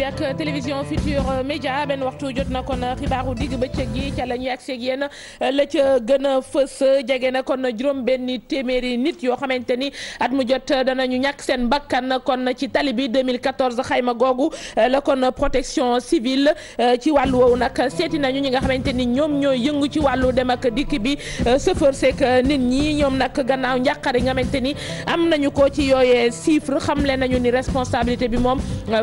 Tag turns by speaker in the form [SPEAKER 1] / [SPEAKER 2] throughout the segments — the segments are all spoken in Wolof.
[SPEAKER 1] bien que télévision future média ben waxtu jot na kon xibaaru digg bëccëg gi ca la ñuy àgg seeg yéen la ca gën a fës jege na kon juróom-benni téméri nit yoo xamante ni at mu jot danañu ñàkk seen bakkan kon ci tali bi 2014 xayma googu la kon protection civile ci wàllu woowu nag seeti nañu ñi nga xamante ni ñoom ñooy yëngu ci wàllu dem ak dikk bi chauffeur seeg nit ñi ñoom nag gannaaw njàqare nga xamante ni am nañu ko ci yooyee chiffre le nañu ni responsabilité bi moom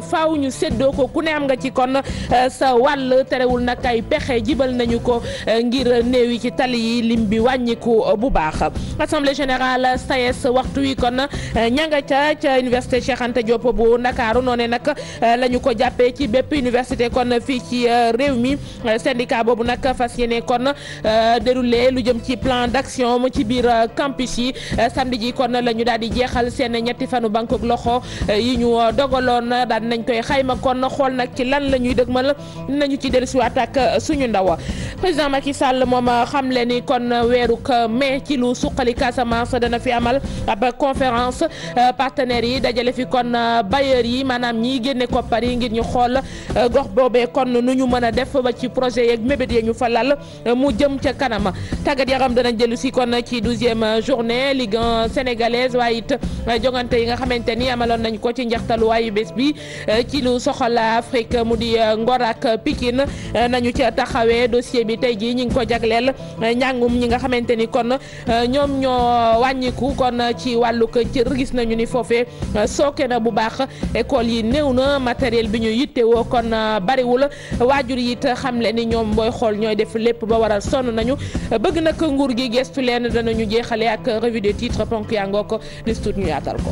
[SPEAKER 1] faaw ñu séddoo Diop ku ne am nga ci kon euh, sa wàll terewul nag ay pexe jibal nañu ko euh, ngir néew yi ci tali yi lim bi wàññiku euh, bu baax assemblée générale SAES e waxtu wi kon ñanga ca ca université Cheikh Anta Diop bu Ndakaaru noonee nag la ko jàppee ci bépp université kon fii ci réew mi syndicat boobu nag fas yéene kon déroulé lu jëm ci plan d'action mu ci biir campus yi samedi ji kon lañu ñu daal di jeexal seen ñetti fanu banque loxo yi ñu dogaloon daal nañ koy xayma kon na xol nak ci lan lañuy deugmal nañu ci dellusiwaat attaque euh, suñu ndaw président Macky Sall moom euh, xam le kon euh, weeruk mai ci lu suqali Casamance dana fi amal ab conférence partenaire yi dajale fi kon bailleurs yi manam ñi génné koppar yi ngir ñu xol gox bobé kon nuñu mëna def ba ci projet yeeg mébét ya ñu fa lal mu jëm ci kanam tagat yaram dana jëlu kon ci douzième journée Ligue sénégalaise waaye it yi nga xamante ni amaloon nañ ko ci njaxtalu waye bés bi ci lu soxal Afrique mu di euh, Ngor ak Pikine euh, nañu ca taxawee dossier bi tey jii ñi ngi ko jagleel euh, njàngum ñi nga xamante ni kon ñoom ñoo wàññiku kon ci wàllug cër gis nañu ni foofee sooke na bu baax école yi néew na matériel bi ñu yittewoo kon bariwul waajur yi it xam le ni ñoom booy xool ñooy def lépp ba waral sonn nañu bëgg nag nguur gi gestu leen danañu jeexale ak revue de titre ponk yaa ngoo ko listuut ñu yaatal ko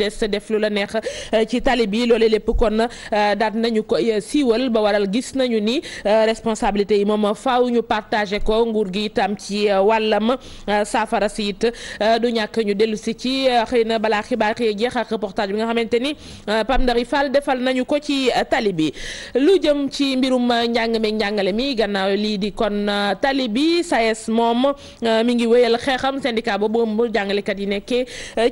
[SPEAKER 1] vitesse def lu la neex eh, ci tali bi loole lépp kon eh, daat nañu ko eh, siiwal ba waral gis nañu ni responsabilité yi moom faaw ñu partagé ko nguur gi itam ci wàllam saafara si it du ñàkk ñu dellu si ci xëy na balaa xibaar xëy jeex ak bi nga xamante ni Pam Ndari Fall defal nañu ko ci tali bi lu jëm ci mbirum njàng njàngale mi gannaaw lii di kon tali bi SAES moom mu ngi wéyal xeexam syndicat jàngalekat yi nekkee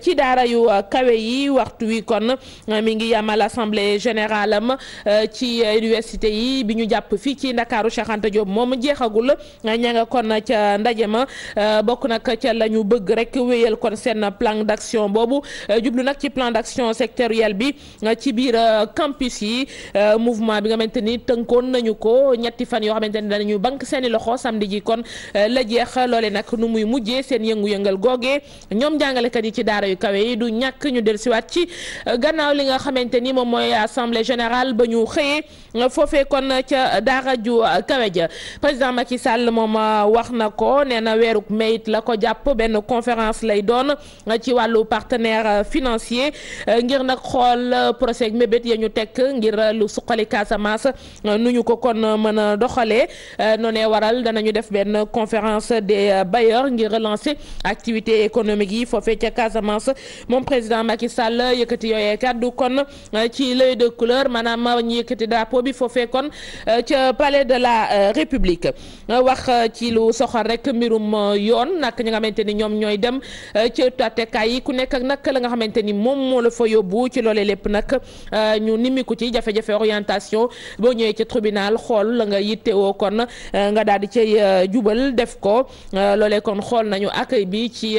[SPEAKER 1] ci daara yu kawe yi yi waxtu wi kon eh, mi ngi yamal assemblée générale am eh, ci université yi bi ñu jàpp fii ci ndakaaru Cheikh Anta Diop moom jeexagul eh, ñanga kon ci ndaje bokku nak ci lañu bëgg rek wéyal kon sen plan d'action bobu jublu nak ci plan d'action sectoriel bi ci biir campus yi mouvement bi nga xamante ni nañu ko ñetti fan yo xamanteni dañu bank sen loxo samedi ji kon la jeex lolé nak nu muy mujjé sen yëngu-yëngal gogé ñom ñoom kat yi ci daara yu kawe yi du ñak ñu del ci euh, gannaaw li nga xamante ni moom assemblée générale ba ñu xëyee euh, foofee kon ca daara ju euh, kawe président Macky Sall moom wax na ko nee na weeruk mayit la ko jàpp benn conférence lay doon ci wàllu partenaire financier ngir nag xool procès mébét ya ñu tekk ngir lu suqali Casamance nu ñu ko kon mën a doxalee noonee waral danañu def benn conférence des bailleurs ngir relancer activité économique yi foofee ca Casamance moom président Macky Sall que yooyee kon euh, ci l'œil de couleur maanaam ñu drapeau kon euh, palais de la euh, république wax ci lu soxal rek mbirum yoon nak ñi nga xamante ni dem ci a yi ku nekk ak la nga ni la fa ci orientation tribunal xool la nga yittewoo kon nga daal di cay def ko loolee kon xool nañu bi ci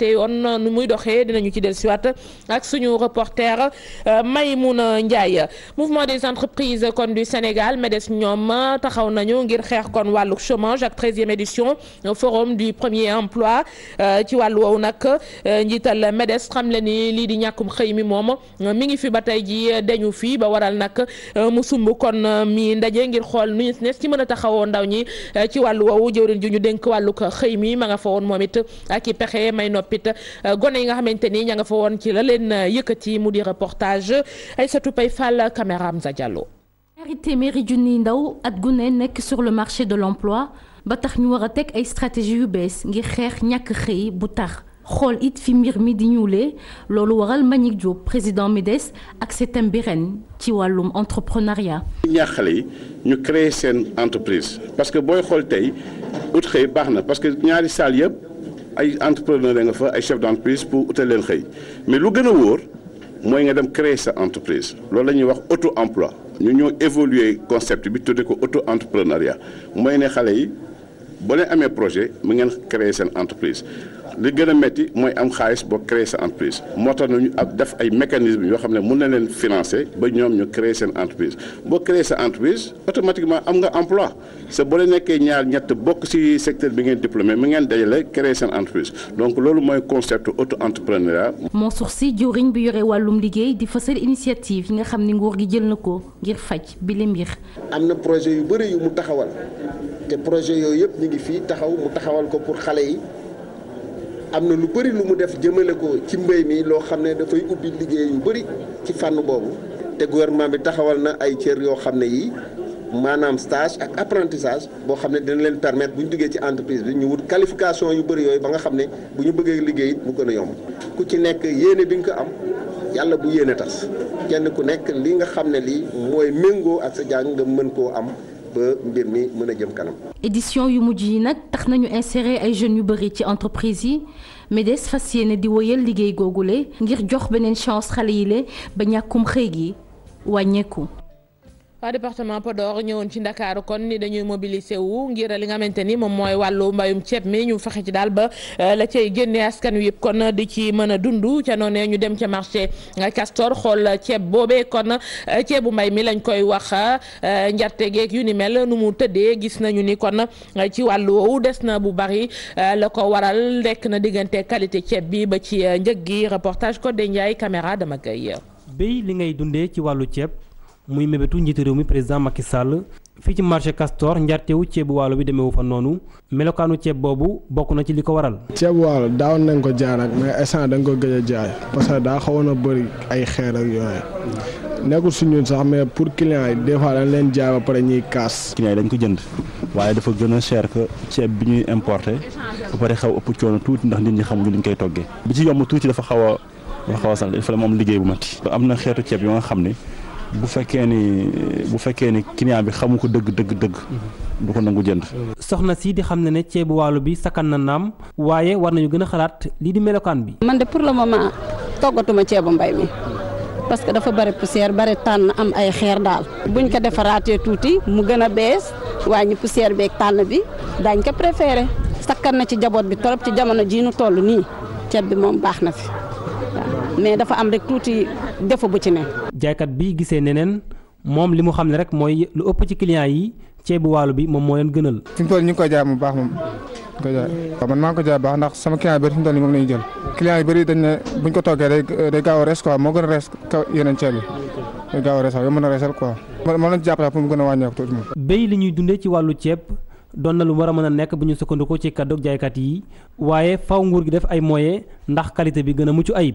[SPEAKER 1] woon nu muy doxé dinañu ci del dellusiwaat ak suñu reporter euh, Maymouna Ndiaye mouvement des entreprises kon du Sénégal MEDES ñom taxaw nañu ngir xeex kon walu chômage ak 13e édition euh, forum du premier emploi euh, ci walu woowu nak njiital MEDES xam le ni di ñakum xëy mi moom mi ngi fi batay ji deñu fi ba waral nak mu sumb kon mi ndaje ngir xol nu ñu nees ci mëna a taxawoo ndaw ñi ci walu woowu jëwriñ ju ñu dénk wàllu xëy mi ma nga fa woon moom ak pexé pexe may noppi toppit euh, gone yi nga xamanteni ña nga fa won ci la len euh, yëkëti mu di reportage Aïssatou Pay Fall caméra Amza Diallo
[SPEAKER 2] ñaari téeméeri junniy ndaw at gu nek sur le marché de l'emploi ba tax ñu wara tek ay stratégie yu bees ngir xex ñak xey bu tax xol it fi mbir mi di ñuulee loolu waral Mbagnick Diop président MEDES ak sa thème ci walum entrepreneuriat.
[SPEAKER 3] ñaax xale ñu créer sen entreprise parce que boy xol tay ut xey baxna parce que ñaari sal yëpp ay entrepreneur nga fa ay chef d'entreprise pour utal leen xëy mais lu gën a wóor mooy nga dem créer sa entreprise loolu la ñuy wax auto emploi ñu ñoo évoluer concept bi tuddee ko auto entrepreneuriat mooy ne xale yi boo leen amee projet mu ngeen créer seen entreprise li gën a métti mooy am xaalis boo créer sa entreprise moo tax nañu ab def ay mécanismes yoo xam ne mun na leen financer ba ñoom ñu créer seen entreprise boo créer sa entreprise automatiquement am nga emploi sa boo leen nekkee ñaar ñett bokk ci secteur bi ngeen diplômé mi ngeen dajale créer seen entreprise donc loolu mooy concept auto entrepreneuriat. Mansour Sy
[SPEAKER 2] jëwriñ bi yore wàllum liggéey di fësal initiative yi nga xam ni nguur gi jël na ko ngir faj bi le mbir.
[SPEAKER 3] am na projet yu bëri yu mu taxawal te projet yooyu yëpp ñu ngi fii taxaw mu taxawal ko pour xale yi. am na lu bëri lu mu def jëmale ko ci mbay mi loo xam ne dafay ubbi liggéey yu bëri ci fànn boobu te gouvernement bi taxawal na ay cër yoo xam ne yi maanaam stage ak apprentissage boo xam ne dina leen permetre bu ñu duggee ci entreprise bi ñu wut qualification yu bëri yooyu ba nga xam ne bu ñu bëggee liggéey it mu gën a yomb ku ci nekk yéene bi nga ko am yàlla bu yéene tas kenn ku nekk li nga xam ne lii mooy méngoo ak sa jàng nga mën koo am. ba a jëm kanam.
[SPEAKER 2] yu mujj yi nag tax nañu insérer ay jeunes yu bëri ci entreprise yi MEDES fas yéene di woyal liggéey googule ngir jox beneen chance xale yi le ba ñàkkum xëy yi wàññeeku.
[SPEAKER 1] département Podor ñëwoon ci Ndakaaru kon ni dañuy mobiliser wu ngir li nga xamante ni moom mooy wàllu mbayum ceeb mi ñu fexe ci daal ba euh, la cay génne askan wi yëpp kon di ci mën a dund ca noonee ñu dem ca marché euh, Castor xool ceeb boobee kon euh, ceebu mbay mi lañ koy wax njarte geeg yu ni mel nu mu tëddee gis nañu ni kon ci wàllu woowu des na bu bari la ko waral rekk na diggante qualité ceeb bi ba ci njëg gi reportage Codé Ndiaye caméra dama koy
[SPEAKER 3] béy li ngay dundee ci wàllu ceeb muy mébétu njiitu réew mi président Macky Sall fii ci marché Castor njartewu ceeb waalo bi demewu fa noonu melokaanu ceeb boobu bokk na ci li ko waral. ceebu waalo daawoon nañ ko jaay nag mais instant dañ ko gëj a jaay parce que daa xawoon a bëri ay xeer ak yooyu nekkul si sax mais pour client yi des fois leen jaay ba pare ñuy kaas. client yi dañ ko jënd waaye dafa gën a cher que ceeb bi ñuy importé ba pare xaw ëpp coono tuuti ndax nit ñi xamuñu ni ñu koy toggee. bi ci yomb tuuti dafa xaw a dafa xaw a moom liggéey bu mati. am na ceeb yoo nga xam ne. bu fekkee ni bu fekkee ni client bi xamu ko dëgg dëgg dëgg. du ko nangu jënd. soxna si di xam ne ne ceebu waalo bi sakkan na naam waaye war nañu gën a xalaat lii di melokaan bi.
[SPEAKER 4] man de pour le a toggatuma ceebu mbay mi parce que dafa bari poussière bari tànn am ay xeer daal. buñ ko defaraatee tuuti mu gën a bees waa wàññi poussière beeg tànn bi daañ ko préféré sakkan na ci jaboot bi torop ci jamono jii nu toll nii ceeb bi moom baax na fi. mais dafa am rek touti défaut bu ci ne.
[SPEAKER 3] jaaykat bi gisee neneen moom li mu xam ne rek mooy lu ëpp ci client yi ceebu walu bi moom moo leen gënal. fi mu toll ñu ngi koy jaay mu baax moom ko koy jaay man maa ngi ko jaay baax ndax sama client bari fi mu toll nii moom la jël. client yi bëri dañ ne buñ ko toggee day day gaaw res quoi moo gën a rees kaw yeneen ceeb yi day gaaw res rees waaw yow mën a reesal quoi. mën nañu jàppale pour mu gën a wàññeeku tuuti moom. béy li ñuy dundee ci wàllu ceeb doon na lu war a mën a nekk bu ñu sukkandikoo ci kàddu jaaykat yi waaye faw nguur gi def ay moyens ndax qualité bi gën a mucc ayib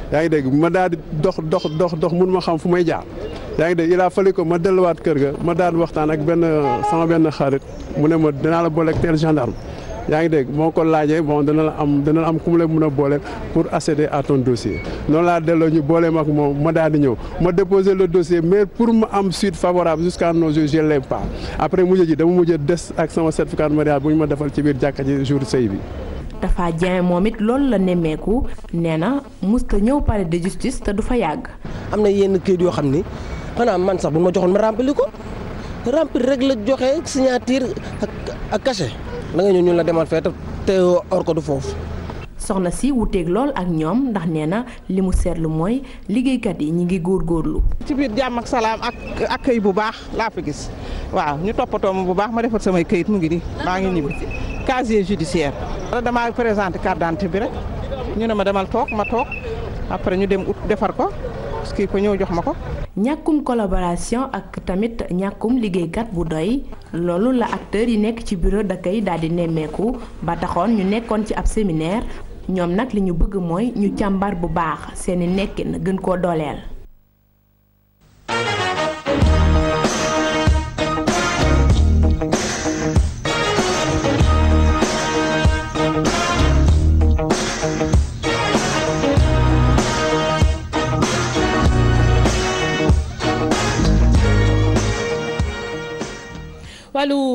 [SPEAKER 3] yaa ngi dégg ma daal di dox dox dox dox mun ma xam fu may jaar yaa ngi dégg il a fallu ko ma delluwaat kër ga ma daan waxtaan ak benn sama benn xarit mu ne ma dinaa la booleeg teel gendarme yaa ngi dégg moo ko laajee bon dana la am dana la am ku mu la mën a boole pour accéder à ton dossier noonu laa delloo ñu booleem ak moom ma daal di ñëw ma déposer le dossier mais pour ma am suite favorable jusqu'à nos jours je l'ai pas après mujj ji dama mujj des ak sama certificat de mariage bu ñu ma defal ci biir jàkka ji jour sëy bi.
[SPEAKER 4] dafa Dieng moom it loolu la nemmeeku nee na musta ñëw palais de justice te du fa yàgg. am na yenn kayit yoo xam ni xanaa man sax bu ma joxoon ma rempli ko rempli rek la joxe signature ak ak cachet da nga ñëw ñu la demal fee te or ko du foofu. soxna si wuteeg lool ak ñoom ndax nee na li mu seetlu mooy liggéeykat yi ñu ngi góorgóorlu. ci biir jàmm ak salaam ak
[SPEAKER 3] accueil bu baax laa fa gis waaw ñu toppatoo ma bu baax ma defar samay këyit mu ngi nii maa ngi ñibbi
[SPEAKER 4] casier judiciaire. wala damaa présenté carte d'identité bi rek ñu ne ma demal toog ma toog après ñu dem ut defar ko kii ko ñëw jox ma ko. ñàkkum collaboration ak tamit ñàkkum liggéeykat bu doy loolu la acteurs yi nekk ci bureau d'accueil daal di nemmeeku ba taxoon ñu nekkoon ci ab séminaire ñoom nag li ñu bëgg mooy ñu càmbar bu baax seeni nekkin gën koo dooleel.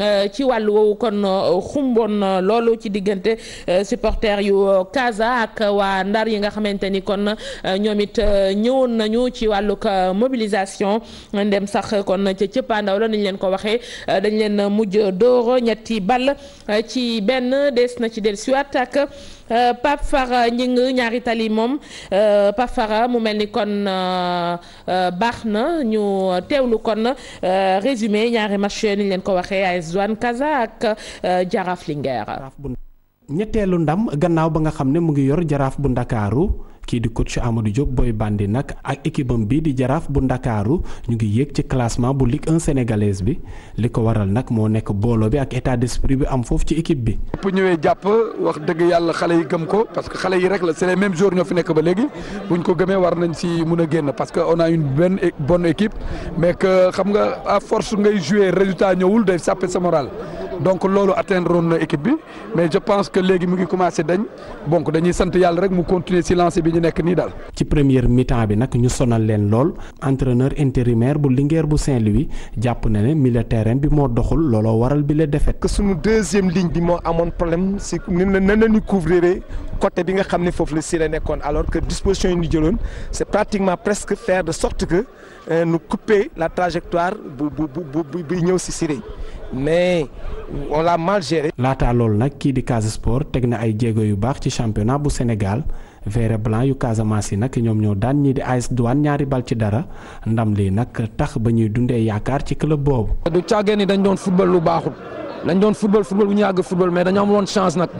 [SPEAKER 1] Euh, ci walu kon euh, xumbon euh, loolu ci diggante supporter yu Casa ak wa Ndar yi nga xamanteni kon ñomit ñewon nañu ci walu mobilisation ndem sax kon ci cëppaandaw la niñ leen ko waxé dañ leen mujj dóor ñetti ball ci ben des na ci dellusiwaat attaque Pape Fara Ñing ñaari tali mom Pape Fara mu melni kon baxna ñu tewlu kon résumé ñaari match ñu leen ko Zouane Kaza ak Jaraaf euh, Linguère
[SPEAKER 3] ñetteelu ndam gannaaw ba nga xam ne mu ngi yor jaraaf bu ndakaaru kii di coach Amadou Diop Boy Bandi nag ak équipe am bii di jaraaf bu ndakaaru ñu ngi yéeg ci classement bu Ligue 1 sénégalaise bi li ko waral nag moo nekk booloo bi ak état d'esprit bi am foofu ci équipe bi. bu ñëwee jàpp wax dëgg yàlla xale yi gëm ko parce que xale yi rek la c'est les mêmes jours ñoo fi nekk ba léegi buñ ko gëmee war nañ si mun a génn parce que on a une bonne bonne équipe mais que xam nga à force ngay jouer résultat ñëwul day sàppe sa moral donc lolu atteindre woon équipe bi mais je pense que légui mu ngi commencer, dañ bon dañuy sante yalla rek mu continuer si lancer bi ñu nek ni dal ci première mi-temps bi nak ñu sonal len entraîneur intérimaire bu Linguère bu Saint-Louis japp na né milieu terrain bi mo doxul looloo waral bi la défaite. que suñu deuxième ligne bi mo amone problème c'est nan la ñu couvrir côté bi nga xamné fofu le la si alors que disposition ñu jëlone c'est pratiquement presque faire de sorte que euh, nous couper la trajectoire bu bu bu bu ñëw si Siré. mais on l'a mal laataa loolu nag kii di Casa Sport teg na ay jéego yu baax ci championnat bu Sénégal vert blanc yu Casamance yi nag ñoom ñoo daan ñii di AS Douane ñaari bal ci dara ndam lii nag tax ba ñuy dundee yaakaar ci club boobu. du caagee ni dañ doon football lu baaxul dañ doon football football bu ñu yàgg football mais dañu am woon chance nag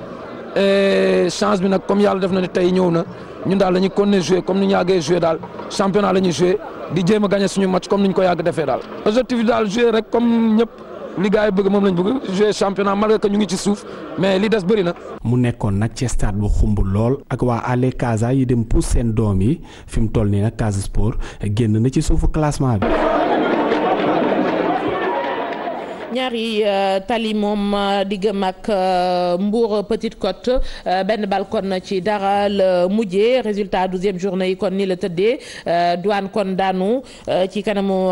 [SPEAKER 3] change bi nag comme yàlla def na ne tey ñëw na ñun daal lañu ñuy continuer jouer comme ni ñu yàggee jouer daal championnat la ñuy di jéem a gagner suñu match comme ni ko yàgg defee daal. rek comme ñëpp. li gars yi bëgg moom lañ bëgg jouer championnat malgré que ñu ngi ci suuf mais li des bëri na. mu nekkoon nag ci stade bu xumb lool ak waa Allé Casa yi dem pousse seen doom yi fi mu toll nii nag Casa Sport génn na ci suufu classement bi.
[SPEAKER 1] ñaari euh, tali mom euh, euh, Mbour Petite Côte ben balkon ci dara le résultat résultat douzième journée kon ni le teddé douane kon danou ci kanamu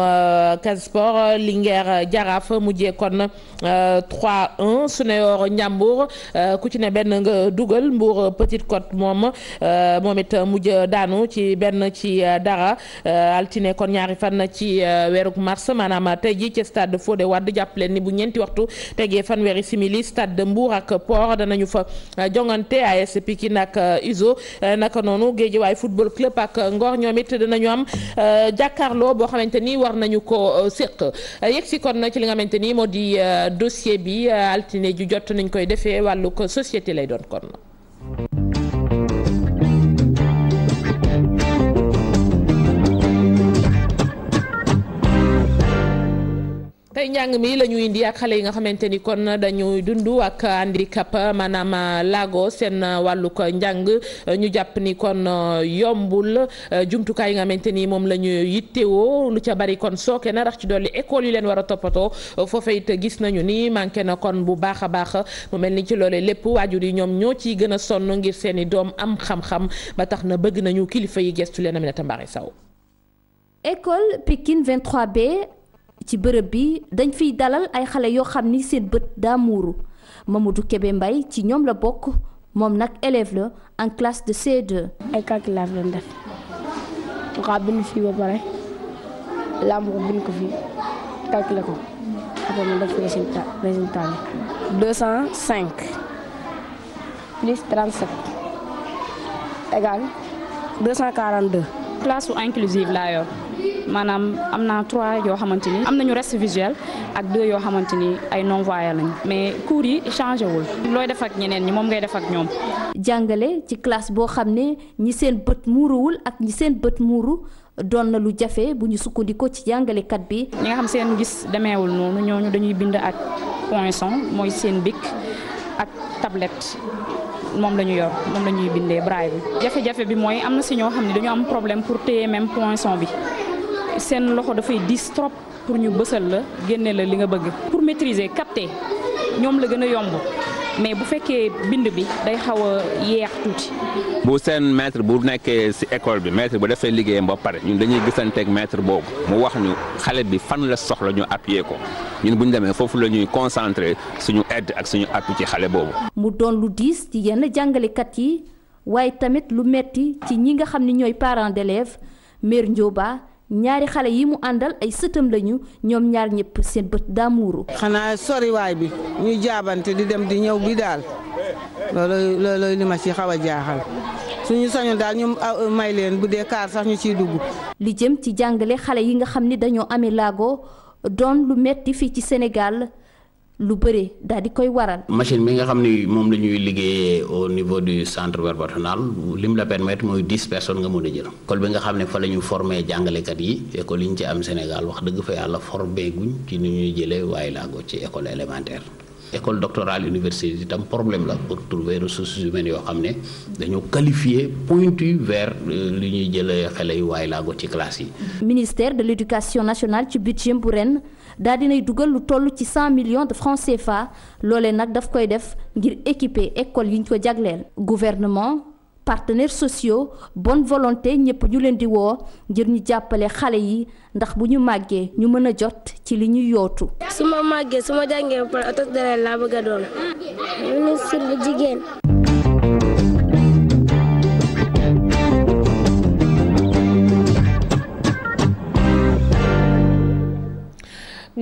[SPEAKER 1] Sport Linger jaraf mujjee kon 3-1 sunéor ñambour ku ci Mbour Petite Côte Mom, momit it danu ci ben dara altine kon ñaari fan ci weeruk mars manama de ji ci stade Fodé ni bu ñeenti waxtu tegee fanweeri simili stade de Mbour ak Port danañu fa euh, jongante AS Pikine ak euh, ISO euh, naka noonu waaye football club ak Ngor ñoom it danañu am jàkkaarloo boo xamante ni war nañu ko séq yegg si kon ci li nga xamante ni moo di dossier bi altine ju jot nañ koy defee wàllu ko lay doon kon. tey njàng mi la ñu indi ak xale yi nga xamante ni kon dañuy dund ak handicap maanaam laago seen wàllug njàng ñu jàpp ni kon yombul jumtukaay yi nga xamante ni moom la ñu yittewoo lu ca bari kon sooke na rax ci dolli école yi leen war a toppatoo foofa it gis nañu ni manqué na kon bu baax a baax mu mel ni ci loole lépp waajur yi ñoom ñoo ciy gën a sonn ngir seeni doom am xam-xam ba tax na bëgg nañu kilifa yi gestu leen Aminata Mbaare saw
[SPEAKER 2] ci bërëb bi dañ fiy dalal ay xale yoo xam ni seen bët daa muuru Mamadou kebe mbay ci ñoom la bokk moom nag élève la en classe de CE2. ay calculaaf lañ def
[SPEAKER 4] nga bind fii ba pare làmb ko bind ko fii calculer ko après mu def résultat résultat bi. 205 plus 37 égal 242. classe inclusive laa yor. maanaam am naa trois yoo xamante ni am nañu reste visuel ak deux yoo xamante ni ay non voyants lañu mais cours yi changé wul looy def ak ñeneen ñi moom ngay def ak ñoom.
[SPEAKER 2] jàngale ci classe boo xam ne ñi seen bët muuruwul ak ñi seen bët muuru doon na lu jafe bu ñu sukkandiku ci jàngalekat bi.
[SPEAKER 4] ñi nga xam seen gis demeewul noonu ñooñu dañuy bind ak poinçon mooy seen bic ak tablette. moom la ñu yor moom la ñuy bindee braille jafe-jafe bi mooy am na si ñoo xam ne dañu bi sen loxo dafay diis trop pour ñu bësal la génne la li nga bëgg pour maîtriser capter ñom la gëna yomb mais bu féké bind bi day xawa a yeex tuuti.
[SPEAKER 3] bu sen maître bu nekkee ci école bi maître bu da fay liggéey mba pare ñun dañuy gëssanté ak maître bobu mu wax ñu xalé bi fan la soxla ñu appuyer ko ñun bu démé fofu la ñuy concentrer suñu aide ak suñu appui ci xalé bobu
[SPEAKER 2] mu doon lu diis ci yenn kat yi waye tamit lu metti ci ñi nga xamni ñoy parents d'élèves mère Ndioba ñaari xale yi mu àndal ay sëtam lañu ñoom ñaar ñëpp
[SPEAKER 3] seen bët daa xanaa soriwaay bi ñuy jaabante di dem di ñëw bi daal loolooy loolooy ci xaw a jaaxal. suñu sañoon daal ñu ah, may leen bu dee kaar sax
[SPEAKER 4] ñu ciy dugg.
[SPEAKER 2] li jëm ci jàngale xale yi nga xam ni dañoo amee laago doon lu metti fii ci Sénégal lu bëri daal di koy waral.
[SPEAKER 3] machine bi nga xam ni moom la ñuy liggéeyee au niveau du centre verbotenal lim la permettre mooy dix personne nga mën a jël école bi nga xam ne fa la ñu formé jàngalekat yi école yi ñu ci am Sénégal wax dëgg fa yàlla formé guñ ci ni ñuy jëlee waaye laa ci école élémentaire. école doctorale c'est un problème la pour trouver ressources humaines yoo xam ne dañoo pointu vers euh, li ñuy jëlee
[SPEAKER 1] xale yu waay ci classe yi.
[SPEAKER 2] ministère de l'éducation nationale ci budget bu ren daal dinay dugal lu toll ci millions de francs CFA loolee nag daf koy def ngir équiper école yi ñu ko jagleel gouvernement. partenaires sociaux bonne volonté ñëpp ñu leen di woo ngir ñu jàppale xale yi ndax bu ñu màggee ñu mën a jot ci li ñuy yootu. su ma màggee su ma jàngee ba pare oto dara laa bëgg a doon. ministre bu jigéen.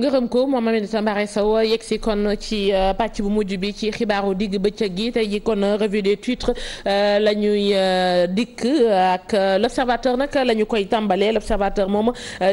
[SPEAKER 1] gërëm ko moom Aminata Mbaare Sow yegg si kon ci patch euh, bu mujju bi ci xibaaru digg bëccëg gi tey ji kon euh, revue des titres euh, lañuy dik ak l'observateur nak nag koy tambalé l'observateur mom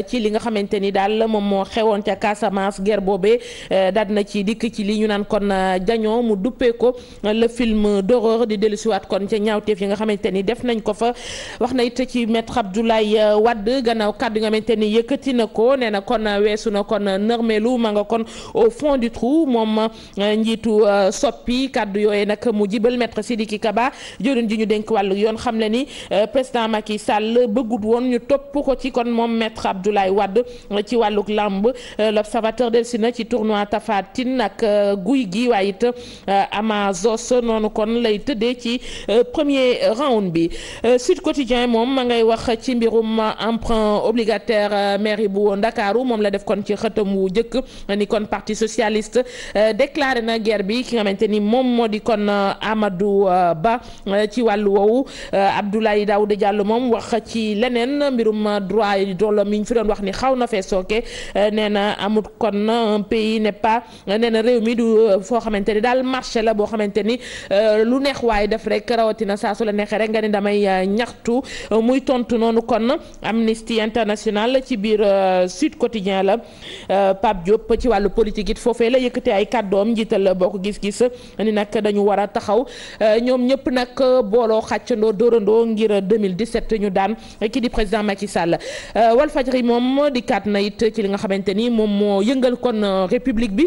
[SPEAKER 1] ci li nga xamanteni dal mom mo xewon xewoon ca Casamance guerre bobé daal na ci dik ci li ñu nan kon jaño mu duppé ko le film d'horreur di dellusiwaat kon ca ñaawteef yi nga xamanteni def nañ ko fa waxna it ci maître Abdoulaye wad gannaaw kaddu nga xamanteni yëkëti yëkkati na ko nee kon weesu kon melou manga kon au fond du trou mom euh, njiitu euh, soppi kaddu yooyu nak mu jibal maître Sidiki Kaba jëriñ ji ñu dénk wàllu yoon xam ni euh, président Macky Sall bëggut won ñu top ko ci kon mom maître Abdoulaye Wade ci l'observateur del Sina ci tournoi tafatin nak ak waite gi waaye it Amazos non, kon lay ci premier round bi Sud Quotidien mom ma ngay wax ci mbirum emprunt obligataire mairie bu Ndakaaru mom la def kon ci bu ni kon parti socialiste euh, déclaré na guerre bi ki nga xamante ni kon euh, Amadou euh, Ba ci walu Abdoulaye Daouda Diallo mom wax ci leneen mbirum droit yi doole mi ñu fi doon wax ni xawna fe kon un pays n'est pas nee na réew mi du fo xamanteni dal marché la bo xamanteni lu neex way def rek rawatina saa su la neexee rek nga ni damay ñaxtu muy tontu nonu kon Amnesty International ci bir Sud Quotidien la. Pape Diop ci wàllu politique it foofee la yëkkatee ay kàddoom njiital bokk gis-gis ni nag dañu war a taxaw euh, ñoom ñëpp nag booloo xàccandoo dóorandoo ngir 2017 ñu daan ki di président Macky Sall euh, Walfadjri moom di kat na it ci li nga xamante ni moom moo yëngal kon euh, république bi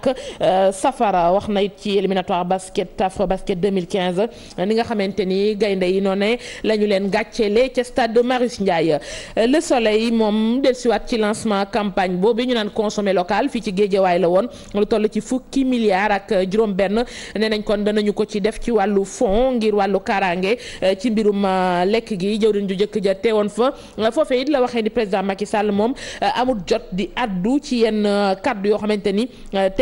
[SPEAKER 1] ak euh, safara wax na ci éliminatoire basket afro basket 2015 ni nga xamanteni gaynde yi noné lañu len leen gàcceele stade Marius Ndiaye le soleil mom dellusiwaat ci lancement campagne bobu ñu nane consommer local fi ci géejewaay la won lu toll ci fukki milliards ak juroom ben né nañ kon danañu ko ci def ci walu fond ngir walu karangé euh, ci mbirum euh, lek gi jëwriñ ju jëk ja téwon fa fofé it la waxé di président Macky Sall mom amul jot di addu ci yenn cadre yo xamanteni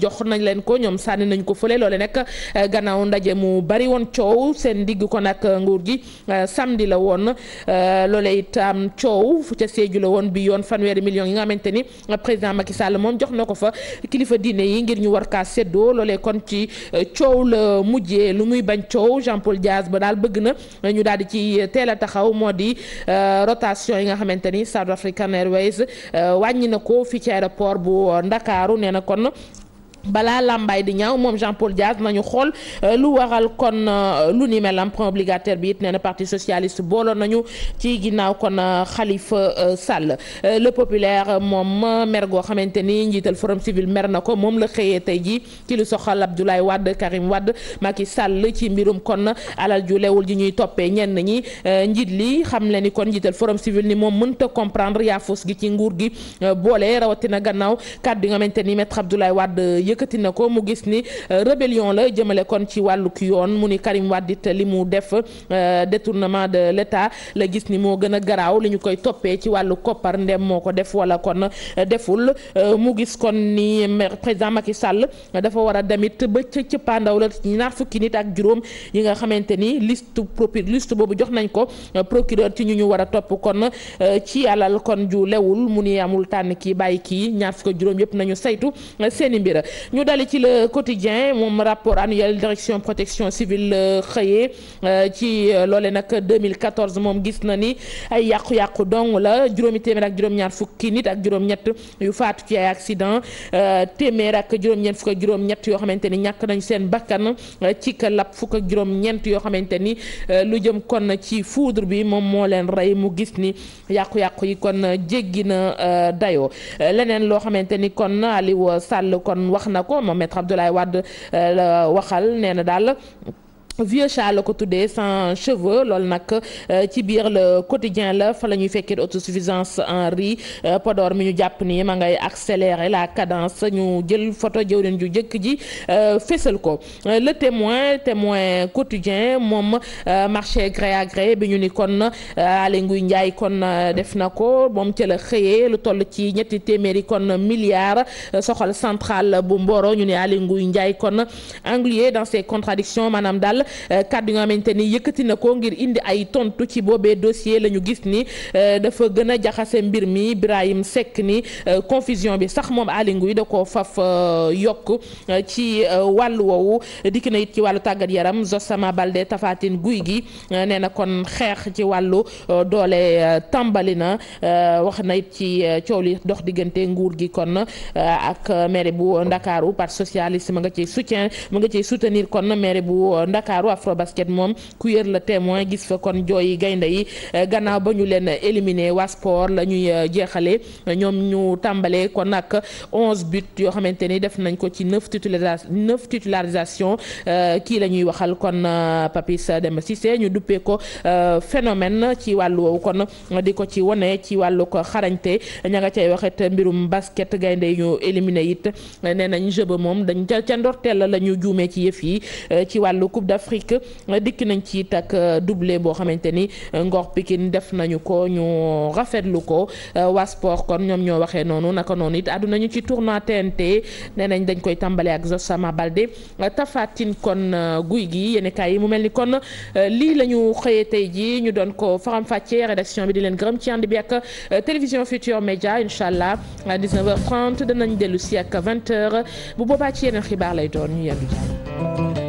[SPEAKER 1] jox nañ leen ko ñoom sànni nañ ko fële loole nag eh, gannaaw ndaje mu bari woon coow seen digg ko nag eh, nguur ji eh, samedi la woon loole itam coow ca Sédhiou la woon bi yoon fanweeri millions yi xamante ni président Macky Sall moom jox na ko fa kilifa diine yi ngir ñu war kaa séddoo loolee kon ci coow la mujjee lu muy bañ coow Jean Paul Diaz ba daal bëgg na ñu daal di ci teel a taxaw moo di rotation yi nga xamante ni South African Airways wàññi na ko fii ci aéroport bu Ndakaaru nee na kon bala lambay di ñaw mom Jean-Paul Diaz nañu xol euh, lu waral kon euh, lu ni mel emprunt obligataire bi it parti socialiste bolon nañu ci ginnaw kon euh, Khalifa Sall le populaire Mom mergo goo Njitel forum civil mer nako mom le la xëyee tey ci lu soxal Abdoulaye Wade Karim Wad Maki Sall ci mbirum kon alal ju lewul ji ñuy topé ñen ñi njit li xam le kon forum civil ni moom mënta comprendre yaafus gi ci nguur gi boole rawatina gannaaw kàddu nga maître Abdoulaye Wade yëkkati na ko mu gis ni euh, rébellion la jëmale kon ci wàllu ki yoon mu ni Karim Wade li mu def euh, détournement de l'État la gis ni moo gën a garaaw li ñu koy toppee ci wàllu koppar ndem moo ko def wala kon euh, deful mu gis kon ni président Macky sàll dafa war a damit ba ca cëppaandaw la ñaar fukki nit ak juróom yi nga xamante ni liste propre liste boobu jox nañ ko procureur ci ñu ñu war a topp kon ci alal kon ju lewul mu ni amul tànn kii bàyyi kii ñaar fukki juróom nañu saytu seeni mbir ñu dalé ci le quotidien mon rapport annuel direction protection civile euh, xeyé euh, ci lolé nak 2014 mom gis na ni ay yàqu dong la juroomi téeméer ak juroom ñaar fukki nit ak juroom ñett yu faatu ci ay accident euh, téeméer ak juroom ñen fukk juroom ñett yo xamanteni ñak nañ seen bakkan ci ka lap fukk juroom ñent yo xamanteni lu jëm kon ci foudre bi mom mo len ray mu gis ni yàqu-yàqu yi kon jéggi dayo lenen lo xamanteni kon Aliou Sall kon wax na ko moom maître Abdoulaye euh, la waxal nee na daal vieux Charles sans cheveux lol nak euh, ci biir le quotidien la fa la fekké en riz euh, mi ñu ni accélérer la cadence ñu jël photo ju jëk ji euh, le témoin témoin quotidien mom marché gré à gré bi ñu ni kon kon def la le lu toll ci ñetti kon milliards centrale bu Mboro ñu englué dans ses contradictions madame Dal Eh, kàddu nga ni yëkkati na ko ngir indi ay tontu ci boobee dossier la ñu gis ni eh, dafa gën a jaxase mbir mi Birahim sekk ni eh, confusion bi sax moom Aly da koo faf yokk ci wàll woowu dikki na it ci wàllu tàggat yaram sama Balde Tafatine guy gi nee na kon xeex ci wàllu doole tàmbali na wax na it ci coow li dox diggante nguur gi kon ak maire bu Ndakaaru parti socialiste ma nga ciy soutien ma nga ciy soutenir kon maire bu Ndakaaru Afro Afrobasket Basket, ku le témoin gis fa kon gaynde yi eh, éliminé sport la ñuy eh, ñom ñu tambalé kon 11 buts yo xamanteni def nañ ko 9 eh, la Papis Cissé ñu phénomène ci walu kon diko ci woné ci walu ko basket gaynde éliminé it né nañ dañ la ci Afrique eh, dik nañ ci tak eh, doublé boo eh, Ngor Pikine def nañu ko ñu rafetlu ko wa sport kon ñom ñoo waxé nonu naka non it àdduna ñu ci tournoi TNT nenañ dañ koy tambalé ak Gassama Baldé Tafatine kon guuy gi yene kaay mu melni kon li lañu xeyé tay ji ñu don ko faram-fàccee rédaction bi di len gërëm ci and bi ak télévision Futur Média inshallah à 19h30 nañ delu ci ak 20h bu boba ci yeneen xibaar lay doon ñu yendu jàmm.